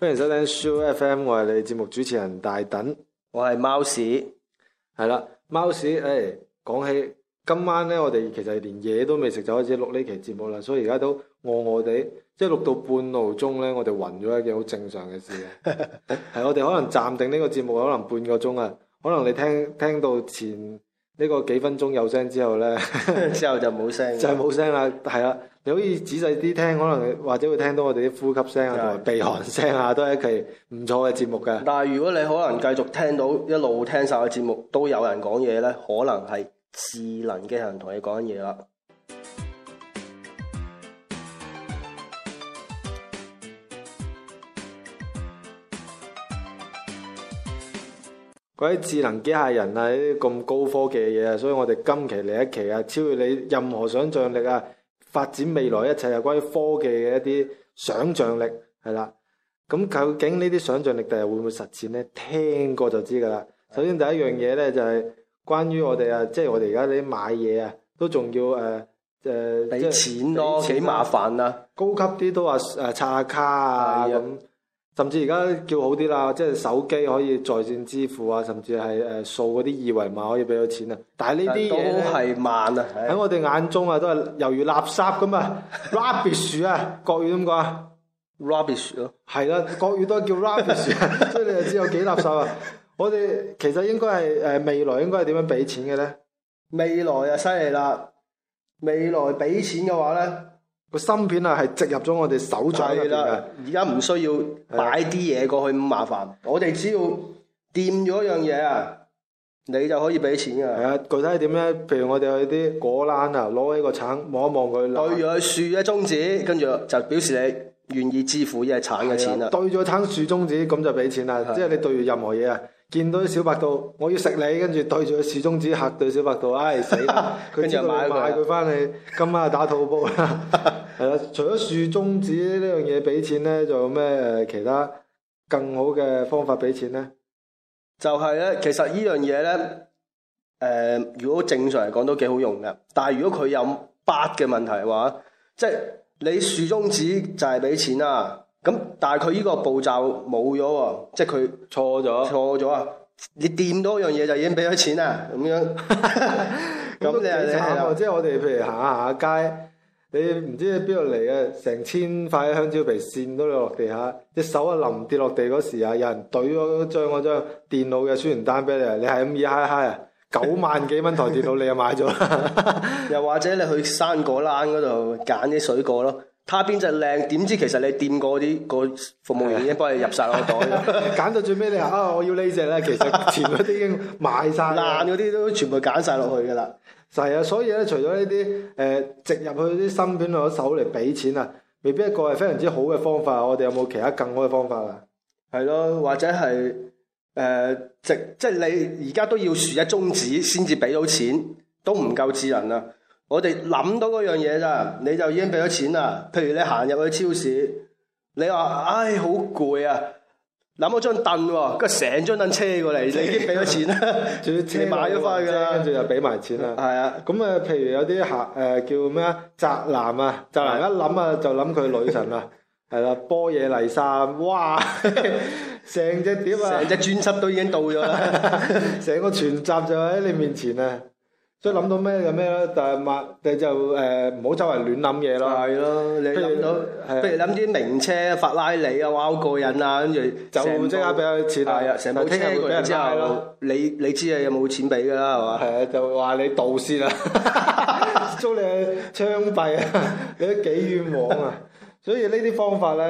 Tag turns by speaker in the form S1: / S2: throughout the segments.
S1: 歡迎收聽 Soo FM，我係你節目主持人大等，我係貓屎，係啦，貓屎，誒、哎，講起今晚咧，我哋其實連嘢都未食就開始錄呢期節目啦，所以而家都餓餓地，即係錄到半路中咧，我哋暈咗一件好正常嘅事，係 我哋可能暫停呢個節目，可能半個鐘啊，可能你聽聽到前。呢個幾分鐘有聲之後呢， 之後就冇聲， 就係冇聲啦。係啦，你可以仔細啲聽，可能或者會聽到我哋啲呼吸聲同鼻鼾聲啊，都係一期唔錯嘅節目㗎。但係如果你可能繼續聽到 一路聽晒嘅節目都有人講嘢呢，可能係智能機械人同你講嘢啦。嗰啲智能機械人啊，呢啲咁高科技嘅嘢啊，所以我哋今期嚟一期啊，超越你任何想像力啊，發展未來一切啊，關於科技嘅一啲想像力係啦。咁究竟呢啲想像力第日會唔會實踐咧？聽過就知㗎啦。首先第一樣嘢咧就係關於我哋、嗯呃、啊，即係我哋而家啲買嘢啊，都仲要誒誒俾錢咯，幾麻煩啊。高級啲都話誒刷下卡啊咁。的甚至而家叫好啲啦，即係手機可以在線支付啊，甚至係誒、呃、掃嗰啲二維碼可以俾到錢啊。但係呢啲嘢都係慢啊，喺我哋眼中啊，都係猶如垃圾咁啊 ，rubbish 啊！國語點講啊？rubbish 咯、啊，係啦、啊，國語都係叫 rubbish，即、啊、 係你又知有幾垃圾啊！我哋其實應該係誒未來應該係點樣俾錢嘅咧？未來啊，犀利啦！未來俾錢嘅話咧～個芯片啊，係植入咗我哋手掌入邊，而家唔需要擺啲嘢過去咁的麻煩，我哋只要掂咗一樣嘢啊，你就可以俾錢噶。係啊，具體係點咧？譬如我哋去啲果欄啊，攞起個橙，望一望佢。對住個樹嘅中指，跟住就表示你願意支付一個橙嘅錢啦。對住橙樹中指，咁就俾錢啦。的即係你對住任何嘢啊。見到啲小白兔，我要食你，跟住對住個豎中指吓對小白兔，唉、哎、死啦！佢就 買佢翻去。今晚打吐煲啦。係啦，除咗豎中指呢樣嘢俾錢咧，仲有咩其他更好嘅方法俾錢咧？就係咧，其實呢樣嘢咧，誒、呃，如果正常嚟講都幾好用嘅，但係如果佢有八嘅問題嘅話，即係你豎中指就係俾錢啊。咁但係佢呢個步驟冇咗喎，即係佢錯咗，錯咗啊！你掂多樣嘢，就已經俾咗錢啦，咁 這樣咁幾慘啊！即係 我哋譬如行下下街，你唔知喺邊度嚟嘅，成千塊香蕉皮扇到你落地下，隻手一冧跌落地嗰時啊，有人懟咗張嗰張電腦嘅宣傳單俾你，你係咁意嗨嗨啊！九萬幾蚊台電腦你又買咗， 又或者你去生果欄嗰度揀啲水果咯。他邊隻靚？點知其實你掂過啲個服務員已經幫你入晒落袋。揀 到最尾你話啊，我要呢隻啦。其實全部啲已經賣晒爛嗰啲都全部揀晒落去噶啦。就係啊，所以咧，除咗呢啲誒植入去啲芯片攞手嚟俾錢啊，未必一個係非常之好嘅方法。我哋有冇其他更好嘅方法啊？係咯， 或者係誒、呃、直即係你而家都要豎一中指先至俾到錢，都唔夠智能啊！我哋諗到嗰樣嘢咋，你就已經俾咗錢啦。譬如你行入去超市，你話唉好攰啊，諗咗張凳，跟住成張凳車過嚟，你已經俾咗錢啦，仲要車埋咗翻去噶啦，跟住又俾埋錢啦。係啊，咁啊，譬如有啲客誒、呃、叫咩啊，宅男啊，宅男一諗啊就諗佢女神啦，係啦、 啊，波野麗莎，哇，成 隻碟啊，成隻專輯都已經到咗啦，成 個，個全集就喺 你，你，你面前啊。所以諗到咩就咩啦，但係麥你就誒唔好周圍亂諗嘢啦。係咯，你諗到，譬如諗啲名車法拉利啊，哇好過癮啊，跟住就即刻俾佢錢。成日成日聽日俾人拉咯，你你知啊，有冇錢俾噶啦，係嘛？係啊，就話你盜竊啊，捉你去槍斃啊，你都幾冤枉啊！所以呢啲方法咧，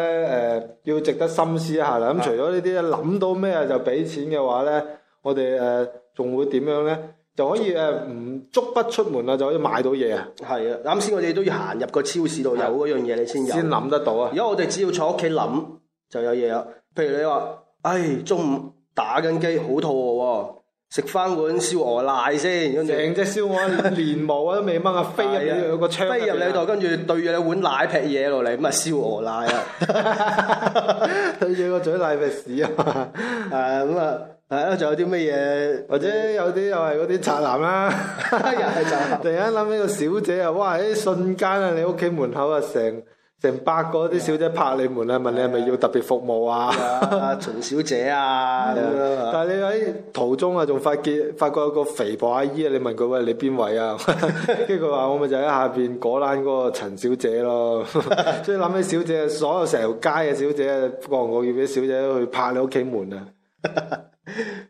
S1: 誒，要值得深思一下啦。咁除咗呢啲諗到咩就俾錢嘅話咧，我哋誒仲會點樣咧？就可以誒唔足不出門啊，就可以買到嘢啊！係啊，啱先我哋都要行入個超市度，有嗰樣嘢你先先諗得到啊！而家我哋只要坐屋企諗就有嘢啦。譬如你話，唉、哎，中午打緊機，好肚餓喎，食翻碗燒鵝奶先。跟住成隻燒鵝連毛啊，都未掹啊，的飛入有個窗，飛入你度，跟住對住你碗奶劈嘢落嚟，咁啊燒鵝奶啊， 對住個嘴奶劈屎啊！誒咁啊～係啊，仲有啲乜嘢？嗯、或者有啲又係嗰啲宅男啦，又係宅男。突然間諗起個小姐啊，哇！喺瞬間啊，你屋企門口啊，成成百個啲小姐拍你門啊，問你係咪要特別服務啊， 啊？陳小姐啊，嗯嗯、但係你喺途中啊，仲發現發覺有個肥婆阿姨啊，你問佢喂，你邊位啊？跟住佢話我咪就喺下邊果欄嗰個陳小姐咯。 所以諗起小姐，所有成條街嘅小姐，啊，個我要俾小姐去拍你屋企門啊。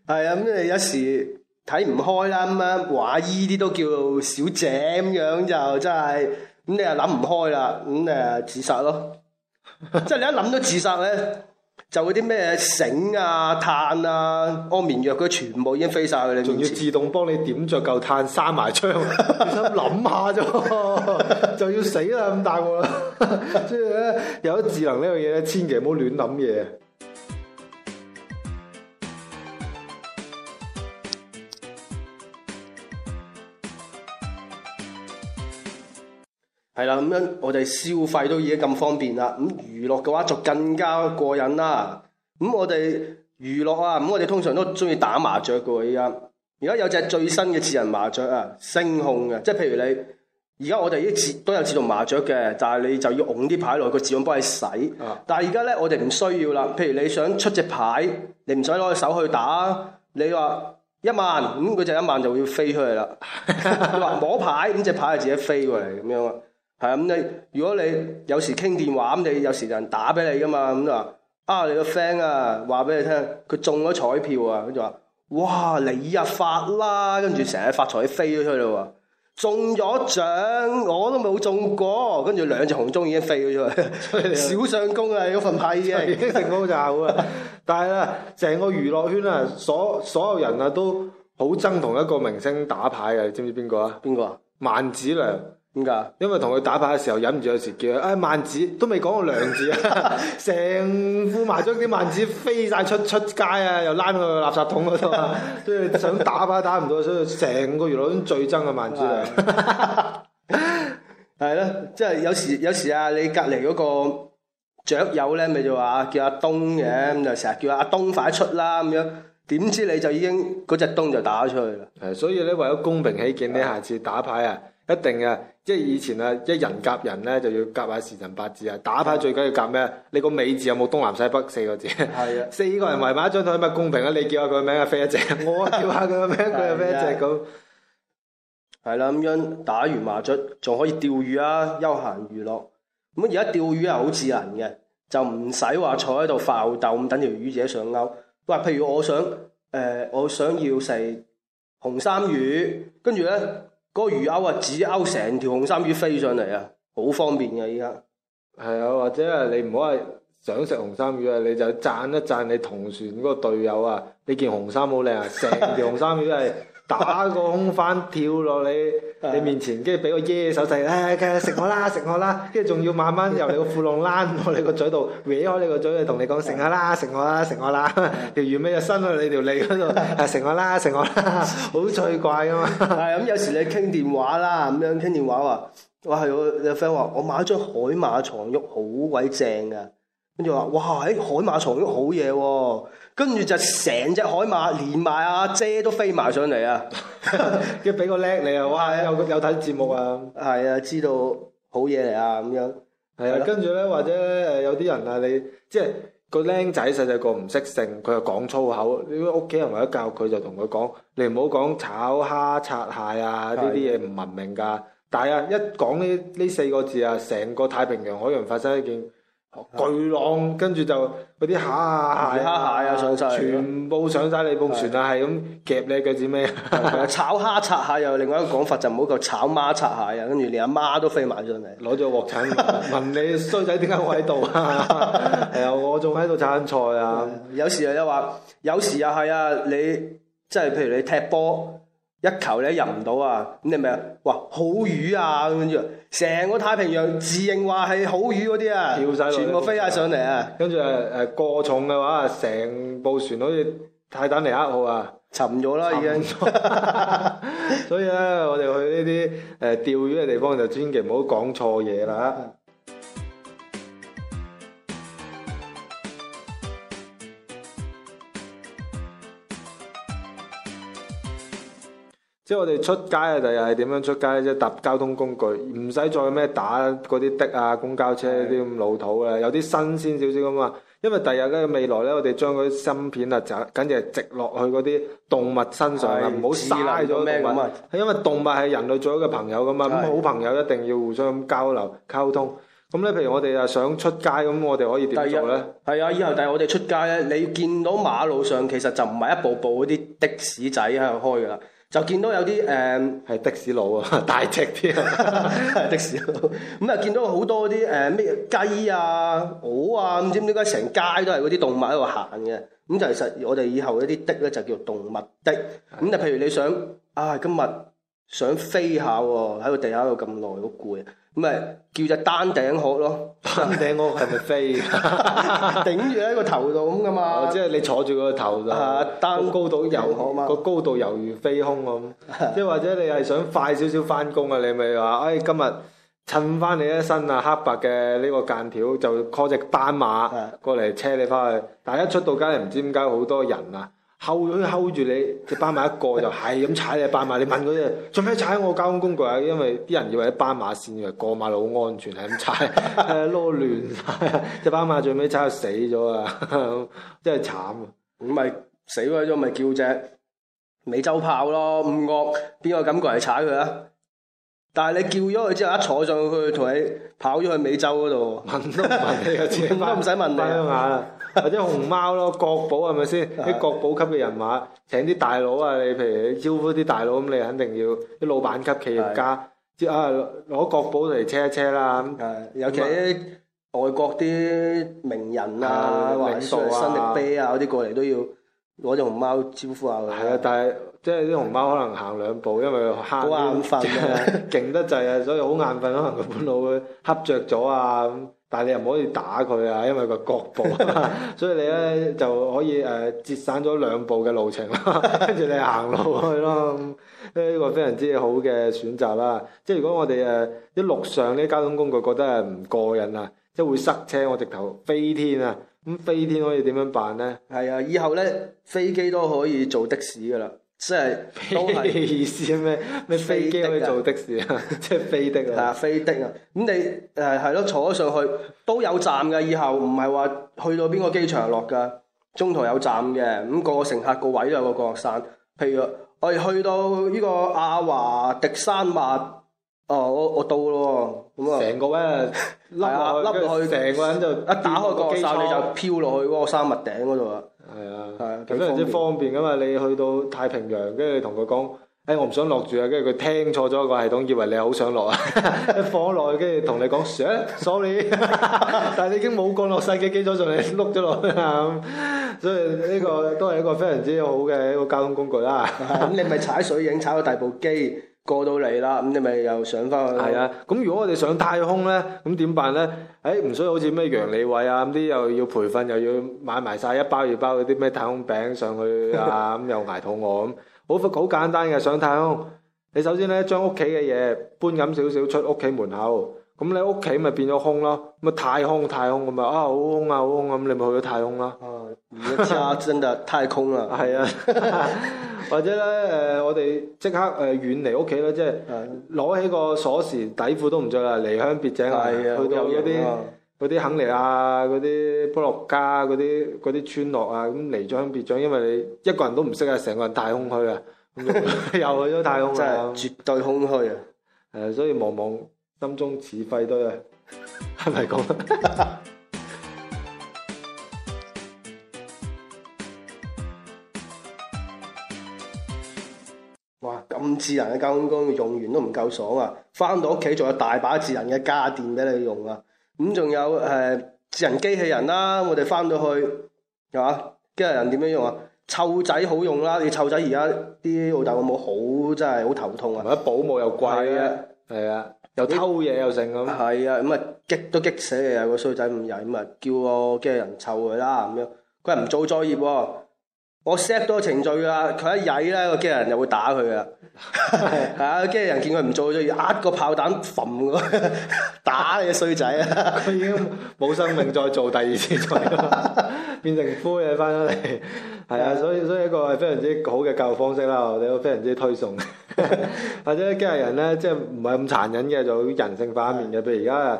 S1: 係啊，咁、嗯、你有時睇唔開啦，咁啊話依啲都叫小姐咁樣就真係，咁、嗯、你又諗唔開啦，咁、嗯、你啊自殺咯。 即係你一諗到自殺咧，就嗰啲咩繩啊、炭啊、安眠藥嗰全部已經飛晒去你。仲要自動幫你點着嚿炭，閂埋窗。你心諗下啫， 就要死啦咁大鑊啦。即係咧，有咗智能呢樣嘢咧，千祈唔好亂諗嘢。係啦，咁樣、嗯、我哋消費都已經咁方便啦。咁、嗯、娛樂嘅話就更加過癮啦。咁、嗯、我哋娛樂啊，咁、嗯、我哋通常都中意打麻雀嘅喎。而家而家有隻最新嘅智能麻雀啊，聲控嘅，即係譬如你而家我哋已經自都有自動麻雀嘅，但係你就要擁啲牌落去，佢自動幫你洗。啊、但係而家咧我哋唔需要啦。譬如你想出隻牌，你唔使攞隻手去打，你話一萬，咁佢、嗯、隻一萬就會飛出去啦。 你話摸牌，咁隻牌就自己飛過嚟咁樣啊。係咁你如果你有時傾電話咁、啊，你有時有人打俾你噶嘛，咁就啊你個 friend 啊話俾你聽，佢中咗彩票啊，跟住話哇你啊發啦，跟住成日發財飛咗出去喎，中咗獎我都冇中過，跟住兩隻紅鐘已經飛咗出去，以小相公啊，嗰 份牌已經成功咗啦。但係啊，成個娛樂圈啊，所所有人啊都好憎同一個明星打牌啊。你知唔知邊個啊？邊個啊？萬梓良。點噶？因為同佢打牌嘅時候忍唔住，有時叫佢，哎，萬子都未講過兩字啊，成副麻將啲萬子飛晒出出街啊，又拉去垃圾桶嗰度，即係想打牌打唔到，所以成個娛樂最憎個萬子啊！係啦，即係有時有時啊，你隔籬嗰個雀友咧，咪就話叫阿東嘅，咁就成日叫阿東快出啦，咁樣點知你就已經嗰隻東就打咗出去啦。係，所以咧為咗公平起見，你下次打牌啊。一定嘅，即係以前啊，一人夾人咧就要夾下時辰八字啊，打牌最緊要夾咩？你個尾字有冇東南西北四個字？係啊，四個人圍埋一張台，咪公平啊？你叫下佢個名啊，飛一隻；我叫下佢個名，佢又飛一隻咁。係啦，咁樣打完麻雀，仲可以釣魚啊，休閒娛樂。咁而家釣魚係好智能嘅，就唔使話坐喺度浮鬥咁等條魚自己上勾。喂，譬如我想誒，我想要食紅衫魚，跟住咧。個魚鈎啊，只鈎成條紅衫魚飛上嚟啊，好方便嘅依家。係啊，或者係你唔好係想食紅衫魚啊，你就讚一讚你同船嗰個隊友啊，你件紅衫好靚啊，成條紅衫魚都係。打個空翻跳落你你面前，跟住俾個耶手勢，誒、哎、食我啦，食我啦，跟住仲要慢慢由你個褲窿攔我你個嘴度歪開你個嘴，同你講食下啦，食我啦，食我啦，哈哈，條魚尾就伸去你條脷嗰度，食、啊、我啦，食我啦，好趣怪㗎嘛！咁有時你傾電話啦，咁樣傾電話話，哇係我有 friend 話我買咗張海馬床褥好鬼正噶，跟住話哇喺海馬床褥好嘢喎、哦。跟住就成隻海馬連埋阿、啊、姐都飛埋上嚟啊！佢俾個叻你啊，哇！有有睇節目啊？係啊，知道好嘢嚟啊咁樣。係啊，啊對了 跟住咧，或者誒有啲人啊，你即係、那個僆仔細細個唔識性，佢又講粗口。啲屋企人為咗教佢，就同佢講：你唔好講炒蝦、拆蟹啊！呢啲嘢唔文明㗎。是的 但係啊，一講呢呢四個字啊，成個太平洋海洋發生一件。巨浪，跟住就嗰啲蟹啊、泥蝦蟹啊，上晒，全部上晒你部船啊，係咁夾你腳趾尾，炒蝦拆蟹，又另外一個講法就唔好夠炒媽拆蟹，又跟住連阿媽都飛埋上嚟，攞咗鑊鏟問你衰仔點解喺度啊？係啊，我仲喺度鏟菜啊，有時又又話，有時又係啊，你即係譬如你踢波。一球你入唔到啊！咁、嗯、你咪啊？哇，好魚啊！咁跟住成個太平洋自認話係好魚嗰啲啊，跳晒落去，全部飛晒上嚟啊！嗯、跟住誒誒，過重嘅話，成部船好似泰坦尼克號啊，沉咗啦已經。在 所以咧，我哋去呢啲誒釣魚嘅地方，就千祈唔好講錯嘢啦。即係我哋出街啊！第日係點樣出街咧？即係搭交通工具，唔使再咩打嗰啲的啊、公交車啲咁的老土嘅，有啲新鮮少少啊嘛。因為第日咧未來咧，我哋將嗰啲芯片啊，就緊接係植落去嗰啲動物身上啦，唔好嘥咗動物。係因為動物係人類最好嘅朋友㗎嘛。咁的好朋友一定要互相咁交流溝通。咁咧，譬如我哋啊想出街咁，我哋可以點做咧？係啊，以後第日我哋出街咧，你見到馬路上其實就唔係一步步嗰啲的士仔喺度開噶啦。就見到有啲誒，係、um, 的士佬啊， 大隻席啲的，係 的士佬。咁啊，見到好多啲誒咩雞啊、鵝啊，唔知點解成街都係嗰啲動物喺度行嘅。咁就其實，我哋以後一啲的咧就叫動物的。咁就譬如你想啊、哎，今日想飛下喎，喺個地下度咁耐好攰，唔係叫隻單頂鶴咯，單頂鶴係咪飛 頂住喺 個頭度咁噶嘛？即係你坐住個頭度，單高度遊鶴嘛？個、啊嗯嗯嗯嗯、高度猶如飛空咁，即係、啊、或者你係想快少少返工啊？你咪話，哎，今日襯返你一身啊黑白嘅呢個間條，就駛隻斑馬過嚟車你返去，啊嗯、但係一出到街，唔知點解好多人啊！後佢後住你隻斑馬，一過就係咁踩你斑馬， 你問佢啫，做咩踩我交通工具啊？因為啲人以為啲斑馬線以為過馬路好安全，係咁踩，誒撈亂晒隻斑馬最，最尾踩死咗啊！真係慘啊！唔係死鬼咗，咪叫隻美洲豹咯？唔惡邊個敢過嚟踩佢啊？但係你叫咗佢之後，一坐上去同你跑咗去美洲嗰度，問 都唔問你嘅車翻， 或者熊貓咯，國寶係咪先？啲 國寶級嘅人馬，請啲大佬啊，你譬如招呼啲大佬咁，你肯定要啲老闆級企業家，即係啊攞國寶嚟車一車啦。係，尤其啲外國啲名人啊，或者新力飛啊嗰啲、啊啊、過嚟都要。攞隻熊貓招呼下佢，係啊！但係即係啲熊貓可能行兩步，因為好眼瞓啊，勁得滯啊，所以好眼瞓，可能佢本半路會恰着咗啊。但係你又唔可以打佢啊，因為個腳部， 所以你咧就可以誒節省咗兩步嘅路程，跟 住你行路去咯。呢 個非常之好嘅選擇啦。即係如果我哋誒啲陸上啲交通工具覺得係唔過癮啊，即係會塞車，我直頭飛天啊！咁飛天可以點樣辦呢？係啊，以後呢，飛機都可以做的士噶啦，即係都係嘅 意思咩咩飛機都可以做的士 的啊，即係飛的、嗯、啊。係飛的啊。咁你誒係咯，坐咗上去都有站嘅，以後唔係話去到邊個機場落㗎，中途有站嘅。咁、嗰個乘客個位都有個降落傘。譬如我哋、哎、去到呢個亞華迪山脈。哦，我我到咯，咁啊，成個凹落去，成個人就一打開個機艙，你就漂落去嗰個山峯頂嗰度啊！係啊，係非常之方便噶嘛。你去到太平洋，跟住同佢講，誒、哎、我唔想落住啊，跟住佢聽錯咗個系統，以為你好想落啊， 一放落去，跟住同你講想 ，sorry， 但係你已經冇降落傘嘅機艙上你碌咗落去啦。 所以呢個都係一個非常之好嘅一個交通工具啦。咁 你咪踩水影，踩到大部機。過到嚟啦，咁你咪又上翻去啦。係啊，咁如果我哋上太空咧，咁點辦咧？誒、哎，唔需要好似咩楊利偉啊，咁啲又要培訓，又要買埋晒一包二包嗰啲咩太空餅上去啊，咁 又挨肚餓咁。好快好簡單嘅上太空，你首先咧將屋企嘅嘢搬咁少少出屋企門口。咁你屋企咪變咗空咯？咁啊太空太空咁啊，啊好空啊好空咁，你咪去咗太空啦。啊，而、啊啊啊啊、家真係太空啦。係 啊，或者咧誒、呃，我哋即刻誒遠離屋企啦，即係攞起個鎖匙，底褲都唔着啦，離鄉別井啊，去到嗰啲啲肯尼亞、嗰啲波洛加、嗰啲啲村落啊，咁離鄉別井，因為你一個人都唔識啊，成個人太空虛啊， 又去咗太空， 真係絕對空虛啊！誒、呃，所以望望。心中自廢都啊，係咪講？哇，咁智能嘅交通工具用完都唔夠爽啊！翻到屋企仲有大把智能嘅家電俾你用啊！咁仲有誒，智能機器人啦、啊，我哋翻到去係嘛？機、啊、器人點樣用啊？湊仔好用啦、啊，你湊仔而家啲老豆老母好真係好頭痛啊！而家保姆又貴啊。係啊，又偷嘢又成咁。係啊，咁啊激都激死你啊！個衰仔唔曳，咁啊叫個機械人湊佢啦，咁樣佢又唔做作業喎，我 set 多程序啊，佢一曳咧，那個機械人就會打佢啊，係啊， 機械、那個、人見佢唔做作業，呃個炮彈揼打，打你衰仔啊！佢 已經冇生命，再做第二次。作業 變成灰嘅翻咗嚟，係啊，所以所以一個係非常之好嘅教育方式啦，我哋都非常之推崇。 或者機械人咧，即係唔係咁殘忍嘅，就人性化面嘅。譬如而家啊，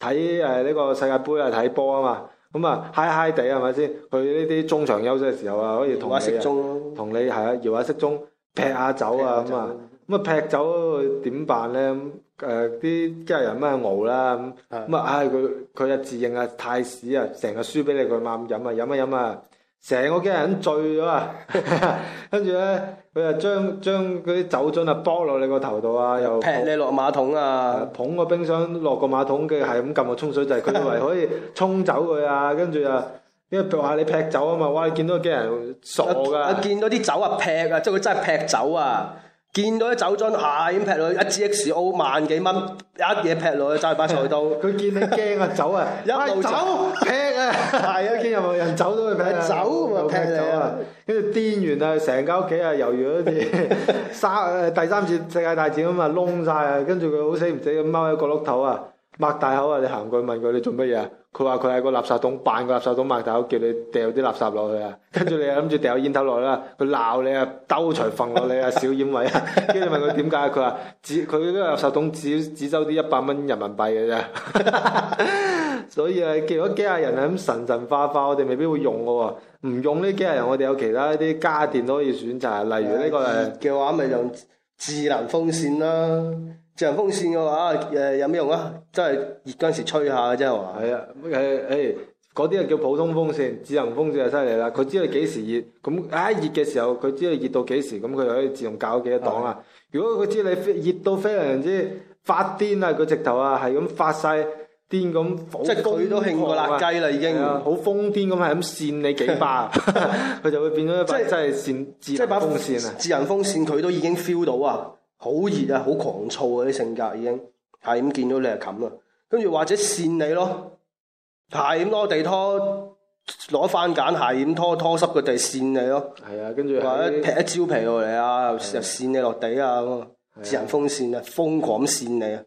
S1: 睇誒呢個世界盃啊，睇波啊嘛，咁啊嗨嗨地係咪先？去呢啲中場休息嘅時候啊，可以同你同、啊、你係啊搖下骰盅、啊啊啊，劈下酒啊咁啊。咁啊劈酒點辦咧？誒啲機器人咩？啊啦咁，咁啊唉佢佢又自認啊太屎啊，成日輸俾你佢嘛飲啊飲啊飲啊，成個機器人醉咗啊， 跟住咧佢又將將嗰啲酒樽啊剝落你個頭度啊，又劈你落馬桶啊，捧個冰箱落個馬桶嘅係咁撳個沖水掣，佢以為可以沖走佢啊， 跟住啊因為話你劈酒啊嘛，哇你見到機器人傻噶、啊啊，見到啲酒啊劈啊，即係佢真係劈酒啊！就是見到啲酒樽，係、啊、咁劈落，一支 XO 萬幾蚊，一嘢劈落去，揸住把菜刀。佢 見你驚啊，走啊， 一路走劈啊，係啊，見任何人走都去劈走，咁劈你啊！跟住癲完啊，成間屋企啊，猶如好似三誒，第三次世界大戰咁啊，窿晒啊，跟住佢好死唔死咁踎喺角落頭啊。擘大口啊！你行過去問佢，你做乜嘢啊？佢話佢係個垃圾桶，扮垃圾桶，垃圾，個垃圾桶擘大口，叫你掉啲垃圾落去啊！跟住你又諗住掉煙頭落去啦，佢鬧你啊，兜財糞落你啊小煙位啊！跟住問佢點解，佢話只佢個垃圾桶只只收啲一百蚊人民幣嘅啫， 所以啊，叫咗機械人係咁神神化化，我哋未必會用嘅喎。唔用呢機械人，我哋有其他一啲家電都可以選擇，例如呢個嘅、嗯、話咪用智能風扇啦。智能風扇嘅話，誒有咩用啊？即係熱嗰陣時吹下嘅啫，係嘛？啊，誒、欸、誒，嗰啲啊叫普通風扇，智能風扇就犀利啦。佢知你幾時熱，咁唉、啊、熱嘅時候，佢知你熱到幾時，咁佢就可以自動搞幾多檔啦。如果佢知你熱到非常之發癲啊，佢直頭啊係咁發晒癲咁，即係佢都興過辣雞啦，已經好瘋癲咁，係咁扇你幾巴，佢就會變咗一把即即係扇智能風扇啊！智能風扇佢都已經 feel 到啊！好熱啊，好狂躁啊！啲性格已經係咁，見到你係咁啦，跟住或者扇你咯，係咁攞地拖攞番梘，係咁拖拖濕個地扇你咯，係啊，跟住或者劈一蕉皮落嚟啊，是的 又扇你落地啊咁啊，自然風扇啊，瘋狂扇你啊，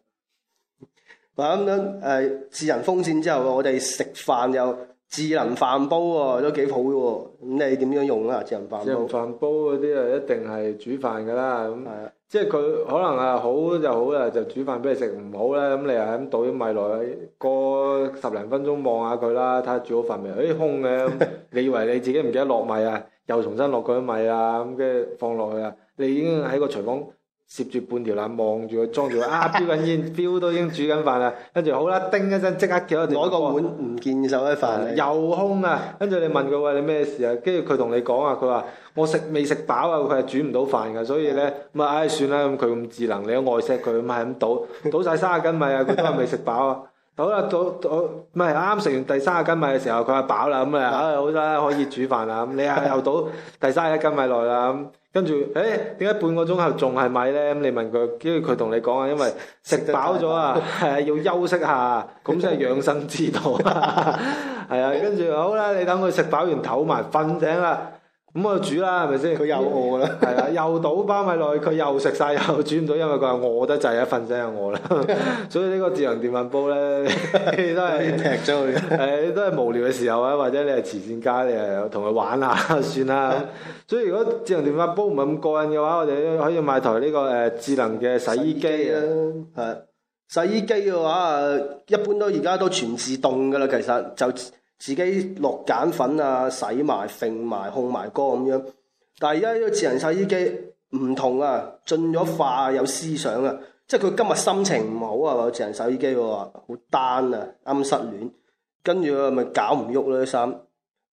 S1: 話咁樣誒，自然風扇之後，是的 我哋食飯又。智能飯煲喎、哦，都幾好喎、哦。咁你點樣用啊？智能飯煲智能飯煲嗰啲啊，一定係煮飯㗎啦。咁是的、嗯、即係佢可能啊好就好啦，就煮飯俾你食。唔好咧，咁、嗯、你又喺度倒啲米落去，過十零分鐘望下佢啦，睇下煮好飯未？誒、欸、空嘅，嗯、 你以為你自己唔記得落米啊？又重新落嗰啲米啊，咁跟住放落去啊，你已經喺個廚房。嗯攝住半條攬望住佢裝住佢啊，煲緊煙，煲都已經煮緊飯啦。跟住好啦，叮一聲即刻叫多條，攞個碗唔見晒啲飯又空啦。跟住你問佢喂、嗯、你咩事啊？跟住佢同你講啊，佢話我食未食飽啊，佢係煮唔到飯噶。所以咧，咪唉、嗯、算啦。咁佢咁智能，你又愛錫佢，咪係咁倒倒曬卅斤米啊？佢都係未食飽啊！ 好啦，到到唔係啱食完第三十斤米嘅時候，佢話飽啦，咁啊，唉好啦，可以煮飯啦。咁 你又又到第三十一斤米來啦，咁跟住，誒點解半個鐘後仲係米咧？咁你問佢，跟住佢同你講啊，因為食飽咗啊，係 要休息下，咁先係養生之道。係啊， 跟住好啦，你等佢食飽完唞埋，瞓醒啦。咁我煮啦，係咪先？佢又餓啦，係啦， 又倒包米落去，佢又食晒，又煮唔到，因為佢話餓得滯啊，瞓醒又餓啦。 所以個呢個智能電飯煲咧， 都係劈咗佢。誒， 都係無聊嘅時候啊，或者你係慈善家，你係同佢玩下算啦。 所以如果智能電飯煲唔係咁過癮嘅話，我哋可以買台呢個誒智能嘅洗衣機啦。係，洗衣機嘅話啊，一般都而家都全自動㗎啦，其實就。自己落鹼粉啊，洗埋、揈埋、烘埋乾咁樣。但係而家呢個智能洗衣機唔同啊，進咗化有思想啊，即係佢今日心情唔好啊，個智能洗衣機話好 down 啊，啱、啊、失戀，跟住佢咪搞唔喐咯啲衫，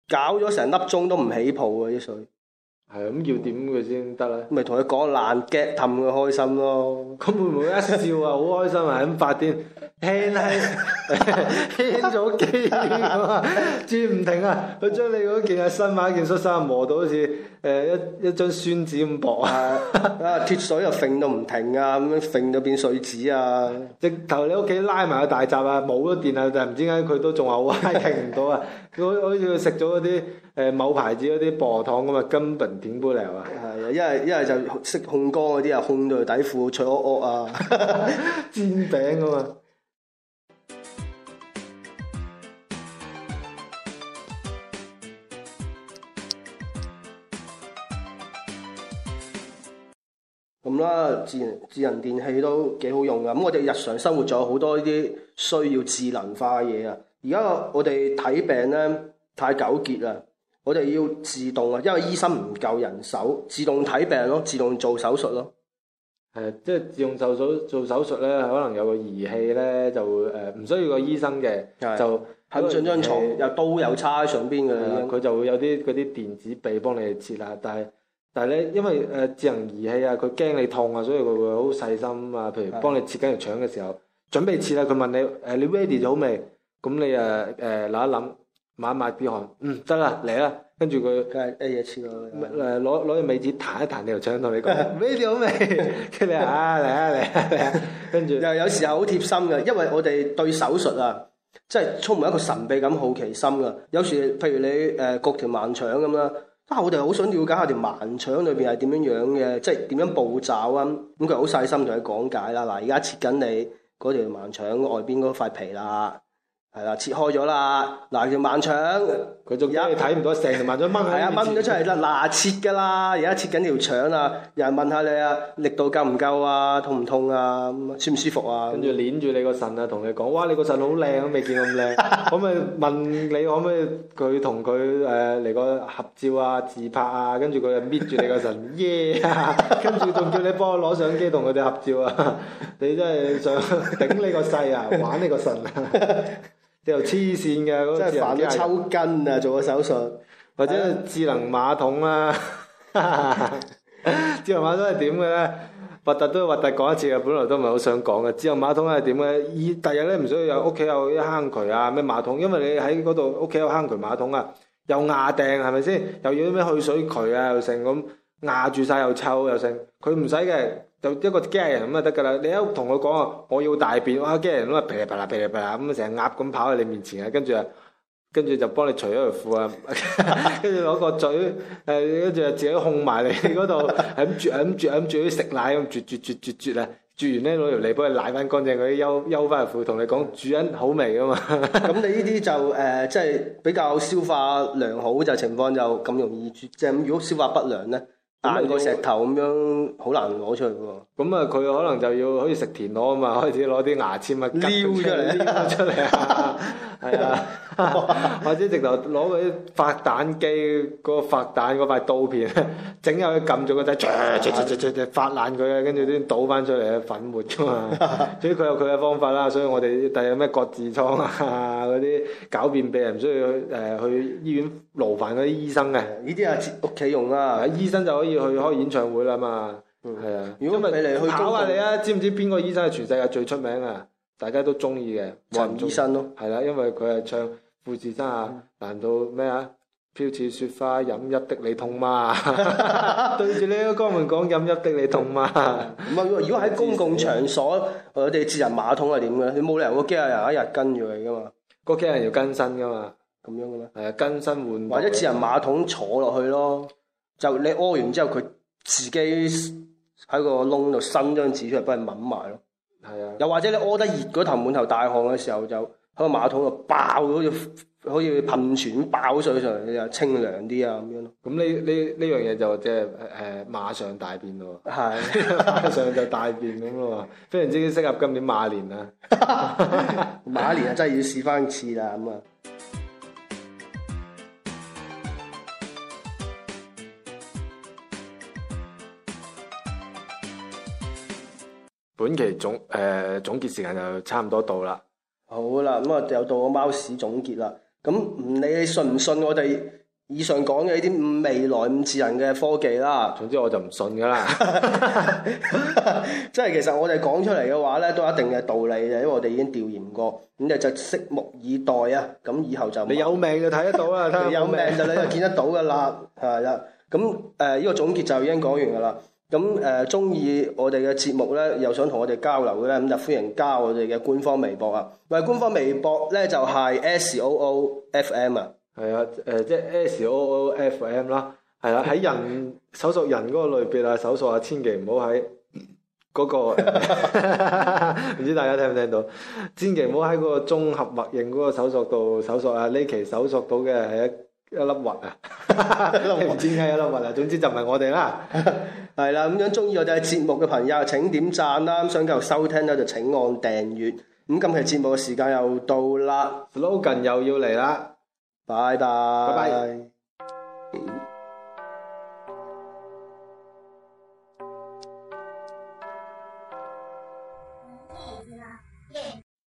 S1: 搞咗成粒鐘都唔起泡啊啲水。係咁要點佢先得咧？咪同佢講爛 gag 氹佢開心咯。咁會唔會一笑啊？好開心啊！咁發癲輕輕輕咗幾點咁啊？轉唔停啊！佢將你嗰件啊新買件恤衫磨到好似～誒一一張宣紙咁薄啊！啊，鐵水又揈到唔停啊，咁樣揈到變碎紙啊！直頭你屋企拉埋個大閘啊，冇咗電 啊，但係唔知點解佢都仲話哇停唔到啊！好似好似食咗嗰啲誒某牌子嗰啲薄荷糖咁啊，根本點不了啊！係啊，一係一係就識控乾嗰啲啊，控到條底褲脆屋屋啊！煎餅咁啊！啦，智智能電器都幾好用噶。咁、嗯、我哋日常生活仲有好多呢啲需要智能化嘅嘢啊。而家我哋睇病咧太糾結啦，我哋要自動啊，因為醫生唔夠人手，自動睇病咯，自動做手術咯。誒，即、就、係、是、自動做手做手術咧，可能有個儀器咧就誒唔、呃、需要個醫生嘅，的就喺上張床，又刀又叉喺上邊嘅。佢就會有啲啲電子臂幫你哋切啊，但係。但係咧，因為誒智能儀器啊，佢驚你痛啊，所以佢會好細心啊。譬如幫你切緊條腸嘅時候，準備切啦，佢問你誒，你 ready 咗未？咁你誒誒諗一諗，抹一抹啲汗，嗯，得啦，嚟啦、嗯，跟住佢 了解。梗係一嘢切咗。誒，攞攞隻尾指彈一彈你條腸，同你講。ready 好未？跟住啊，嚟啊嚟啊嚟啊，跟住。又有時候好貼心嘅，因為我哋對手術啊，真係充滿一個神秘感、好奇心噶。有時譬如你誒割條盲腸咁啦。啊！我哋好想了解下條盲腸裏邊係點樣樣嘅，即係點樣步驟啊！咁佢好細心同你講解啦。嗱，而家切緊你嗰條盲腸外邊嗰塊皮啦，係啦，切開咗啦。嗱，條盲腸。佢仲有你睇唔到成萬種掹，係啊， 掹咗 出嚟啦，嗱切噶啦，而家切緊條腸啊！有人問下你啊，力度夠唔夠啊？痛唔痛啊？舒唔舒服啊？跟住捏住你個腎啊，同你講，哇！你個腎好靚，都未見咁靚，可唔可以問你可唔可以？佢同佢誒嚟個合照啊、自拍啊，跟住佢就搣住你個腎，耶啊！跟住仲叫你幫我攞相機同佢哋合照啊！你真係想頂你個世啊，玩你個腎啊！ 又黐線㗎，嗰、即係煩到抽筋啊！做個手術，或者智能馬桶啦、啊。 智能馬桶係點嘅咧？核突都核突講一次啊！本來都唔係好想講嘅。智能馬桶係點嘅？第日咧，唔需要有屋企有啲坑渠啊，咩馬桶？因為你喺嗰度屋企有坑渠馬桶啊，又壓掟係咪先？又要咩去水渠啊？又成咁壓住晒，又臭又成。佢唔使嘅。就一個機械人咁就得噶啦！你一屋同佢講啊，我要大便，哇機械人啦，噼嚟噼啦、噼嚟噼啦咁啊，成日鴨咁跑喺你面前啊，跟住啊，跟住就幫你除咗條褲啊，跟住攞個嘴誒，跟住自己控埋你嗰度，係咁啜，係咁啜，咁啜啲食奶咁啜，啜，啜，啜，啜啊！啜完咧攞條脷幫你舐翻乾淨，佢休休翻條褲，同你講主人好味啊嘛！咁你呢啲就誒，即係比較消化良好就情況就咁容易啜，即係如果消化不良咧？硬個石頭咁樣，好難攞出嚟喎。咁啊，佢可能就要好似食田螺啊嘛，開始攞啲牙籤啊，撩出嚟，撩出嚟，
S2: 係啊，
S1: 或者直頭攞嗰啲發蛋機嗰個發蛋嗰塊刀片，整入去撳住個掣，削削削削削削，發爛佢啊，跟住先倒翻出嚟啊，粉末噶嘛。所以佢有佢嘅方法啦。所以我哋第日咩割痔瘡啊，嗰啲狡便秘人，唔需要去誒去醫院勞煩嗰啲醫生嘅。呢啲啊，屋企用啊。醫生就可以。要去開演唱會啦嘛，係啊。如果唔係嚟去考下你啊，知唔知邊個醫生係全世界最出名啊？大家都中意嘅陳醫生咯、啊，係啦，因為佢係唱《富士山下》，難道咩啊？飄似雪花飲泣的你痛嗎？ 對住你個肛門講飲泣的你痛嗎？唔係，如果喺公共場所，我哋智人馬桶係點嘅？你冇理由個機器人一日跟住佢噶嘛？嗯、個機器人要更新噶嘛？咁樣嘅咩？係啊，更新換。或者智人馬桶坐落去咯。就你屙完之後，佢自己喺個窿度伸張紙出嚟幫你抿埋咯。係是啊，又或者你屙得熱嗰頭滿頭大汗嘅時候，就喺個馬桶度爆，好似好似噴泉爆水上嚟，又清涼啲啊咁樣咯。咁呢呢呢樣嘢就即係誒馬上大便咯。係是、啊、 馬上就大便咁咯，非常之適合今年馬年啊！ 馬年啊，真係要試翻一次啦咁啊！本期總誒、呃、總結時間就差唔多到啦。好啦，咁啊又到個貓屎總結啦。咁唔理你信唔信，我哋以上講嘅呢啲未來高智能嘅科技啦。總之我就唔信噶啦。 即係其實我哋講出嚟嘅話咧，都有一定有道理嘅，因為我哋已經調研過。咁你就拭目以待啊！咁以後就你有命就睇得到啦。你有，有， 有命就你就見得到噶啦，係啦。 咁誒呢個總結就已經講完噶啦。咁誒中意我哋嘅節目咧，又想同我哋交流嘅咧，咁就歡迎加我哋嘅官方微博啊！喂，官方微博咧就係 S O O F M，係啊，誒即係 S O O F M 啦、啊，係啦，喺人搜索人嗰個類別啊，搜索啊，千祈唔好喺嗰個，唔 知大家聽唔聽到？千祈唔好喺嗰個綜合默認嗰個搜索度搜索啊，呢期搜索到嘅係，一粒核啊， 唔知咩一粒黃磚雞，一粒核啊，總之就唔係我哋啦，係啦， 咁樣中意我哋嘅節目嘅朋友，請點讚啦，想繼續收聽咧就請按訂閱，咁今日節目嘅時間又到啦 slogan 又要嚟啦，拜拜。